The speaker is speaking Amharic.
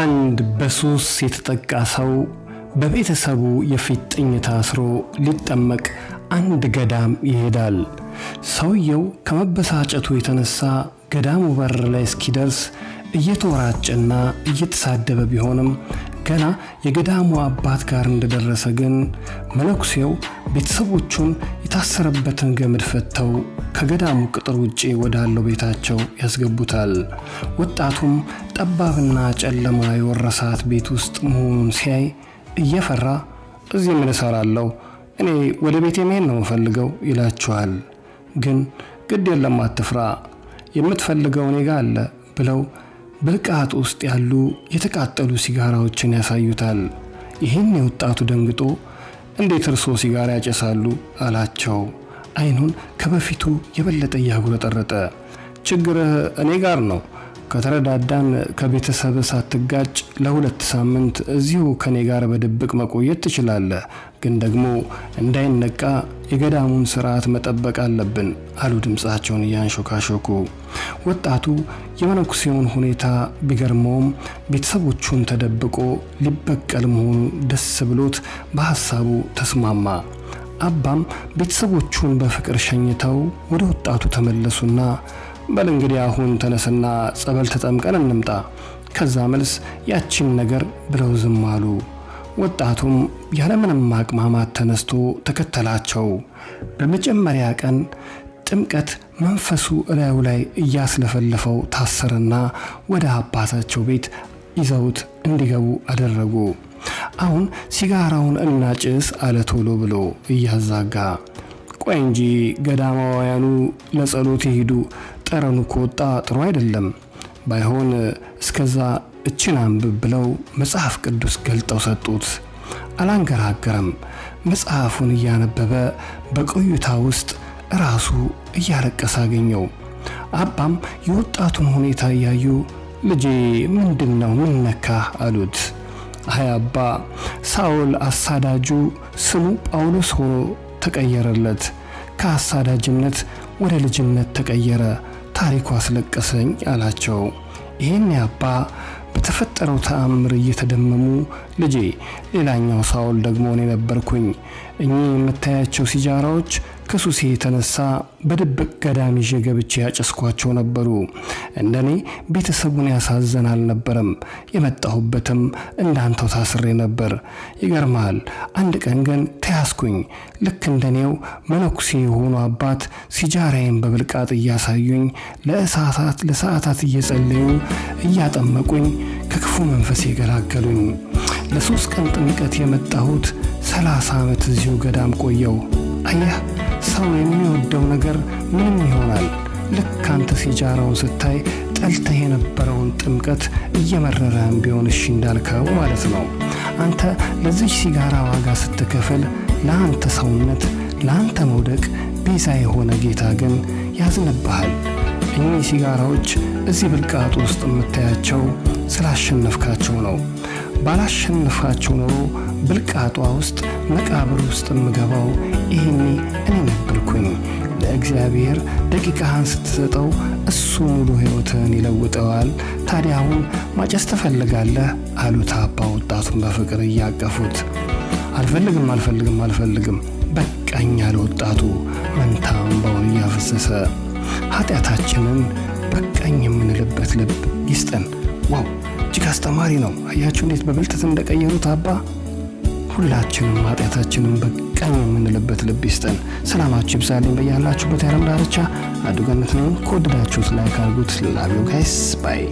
አንድ በሱስ የተጠቃ ሰው በቤተሰቡ የፊት ጥኝ ታስሮ ሊጠመቅ አንድ ገዳም ይሄዳል። ሰውየው ከመበሳጨቱ የተነሳ ገዳሙ በር ላይ እስኪደርስ እየተወራጨና እየተሳደበ ቢሆንም ገና የገዳሙ አባት ጋር እንደደረሰ ግን መነኩሴው ቤተሰቦቹን የታሰረበትን ገመድ ፈተው ከገዳሙ ቅጥር ውጪ ወዳለው ቤታቸው ያስገቡታል። ወጣቱም ጠባብና ጨለማ የወረሳት ቤት ውስጥ መሆኑን ሲያይ እየፈራ እዚህ ምን እሰራለሁ? እኔ ወደ ቤቴ መሄድ ነው የምፈልገው ይላችኋል። ግን ግድ የለም አትፍራ፣ የምትፈልገው እኔ ጋ አለ ብለው ብልቃጥ ውስጥ ያሉ የተቃጠሉ ሲጋራዎችን ያሳዩታል። ይህን የወጣቱ ደንግጦ እንዴት እርሶ ሲጋራ ያጨሳሉ? አላቸው። አይኑን ከበፊቱ የበለጠ እያጉረጠረጠ ችግርህ እኔ ጋር ነው። ከተረዳዳን ከቤተሰብ ሳትጋጭ ለሁለት ሳምንት እዚሁ ከእኔ ጋር በድብቅ መቆየት ትችላለህ። ግን ደግሞ እንዳይነቃ የገዳሙን ስርዓት መጠበቅ አለብን አሉ ድምፃቸውን እያንሾካሾኩ። ወጣቱ የመነኩሴውን ሁኔታ ቢገርመውም ቤተሰቦቹን ተደብቆ ሊበቀል መሆኑ ደስ ብሎት በሐሳቡ ተስማማ። አባም ቤተሰቦቹን በፍቅር ሸኝተው ወደ ወጣቱ ተመለሱና በል እንግዲህ አሁን ተነስና ጸበል ተጠምቀን እንምጣ፣ ከዛ መልስ ያቺን ነገር ብለው ዝም አሉ። ወጣቱም ያለምንም ማቅማማት ተነስቶ ተከተላቸው። በመጀመሪያ ቀን ጥምቀት መንፈሱ እላዩ ላይ እያስለፈለፈው ታሰረና ወደ አባታቸው ቤት ይዘውት እንዲገቡ አደረጉ። አሁን ሲጋራውን እናጭስ አለ ቶሎ ብሎ እያዛጋ። ቆይ እንጂ ገዳማውያኑ ለጸሎት የሄዱ ጠረኑ ከወጣ ጥሩ አይደለም። ባይሆን እስከዛ እችን አንብብ ብለው መጽሐፍ ቅዱስ ገልጠው ሰጡት። አላንገራገረም። መጽሐፉን እያነበበ በቆይታ ውስጥ ራሱ እያለቀሰ አገኘው። አባም የወጣቱን ሁኔታ እያዩ ልጄ ምንድን ነው ምን ነካህ? አሉት። አያባ ሳውል አሳዳጁ ስሙ ጳውሎስ ሆኖ ተቀየረለት። ከአሳዳጅነት ወደ ልጅነት ተቀየረ። ታሪኩ አስለቀሰኝ አላቸው። ይህን ያባ በተፈጠረው ተአምር እየተደመሙ ልጄ፣ ሌላኛው ሳውል ደግሞ እኔ ነበርኩኝ። እኚህ የምታያቸው ሲጃራዎች ከሱሴ የተነሳ በድብቅ ገዳም ይዤ ገብቼ ያጨስኳቸው ነበሩ። እንደኔ ቤተሰቡን ያሳዘን አልነበረም። የመጣሁበትም እንዳንተው ታስሬ ነበር። ይገርመሃል፣ አንድ ቀን ግን ተያዝኩኝ። ልክ እንደኔው መነኩሴ የሆኑ አባት ሲጃራዬን በብልቃጥ እያሳዩኝ፣ ለእሳታት ለሰዓታት እየጸለዩ እያጠመቁኝ ከክፉ መንፈስ የገላገሉኝ። ለሶስት ቀን ጥምቀት የመጣሁት ሰላሳ ዓመት እዚሁ ገዳም ቆየው። አየህ ሰው የሚወደው ነገር ምንም ይሆናል። ልክ አንተ ሲጃራውን ስታይ ጠልተህ የነበረውን ጥምቀት እየመረረህም ቢሆን እሺ እንዳልከው ማለት ነው። አንተ ለዚች ሲጋራ ዋጋ ስትከፍል ለአንተ ሰውነት፣ ለአንተ መውደቅ ቤዛ የሆነ ጌታ ግን ያዝንብሃል። እኚህ ሲጋራዎች እዚህ ብልቃጥ ውስጥ የምታያቸው ስላሸነፍካቸው ነው። ባላሸነፍካቸው ኖሮ ብልቃጧ ውስጥ መቃብር ውስጥ የምገባው ይሄኔ እኔ ነበርኩኝ። ለእግዚአብሔር ደቂቃህን ስትሰጠው እሱ ሙሉ ሕይወትህን ይለውጠዋል። ታዲያ አሁን ማጨስ ትፈልጋለህ አሉት አባ ወጣቱን በፍቅር እያቀፉት። አልፈልግም አልፈልግም አልፈልግም በቃኝ አለ ወጣቱ መንታ እንባውን እያፈሰሰ። ኃጢአታችንን በቃኝ የምንልበት ልብ ይስጠን። ዋው እጅግ አስተማሪ ነው። አያችሁ እንዴት በብልጠት እንደቀየሩት አባ ሁላችንም ኃጢአታችንን በቀን የምንልበት ልብ ይስጠን። ሰላማችሁ ይብዛልኝ በያላችሁበት የዓለም ዳርቻ አዱ ገነት ነው። ከወደዳችሁት ላይክ አድርጉት። ላቭ ዩ ጋይስ ባይ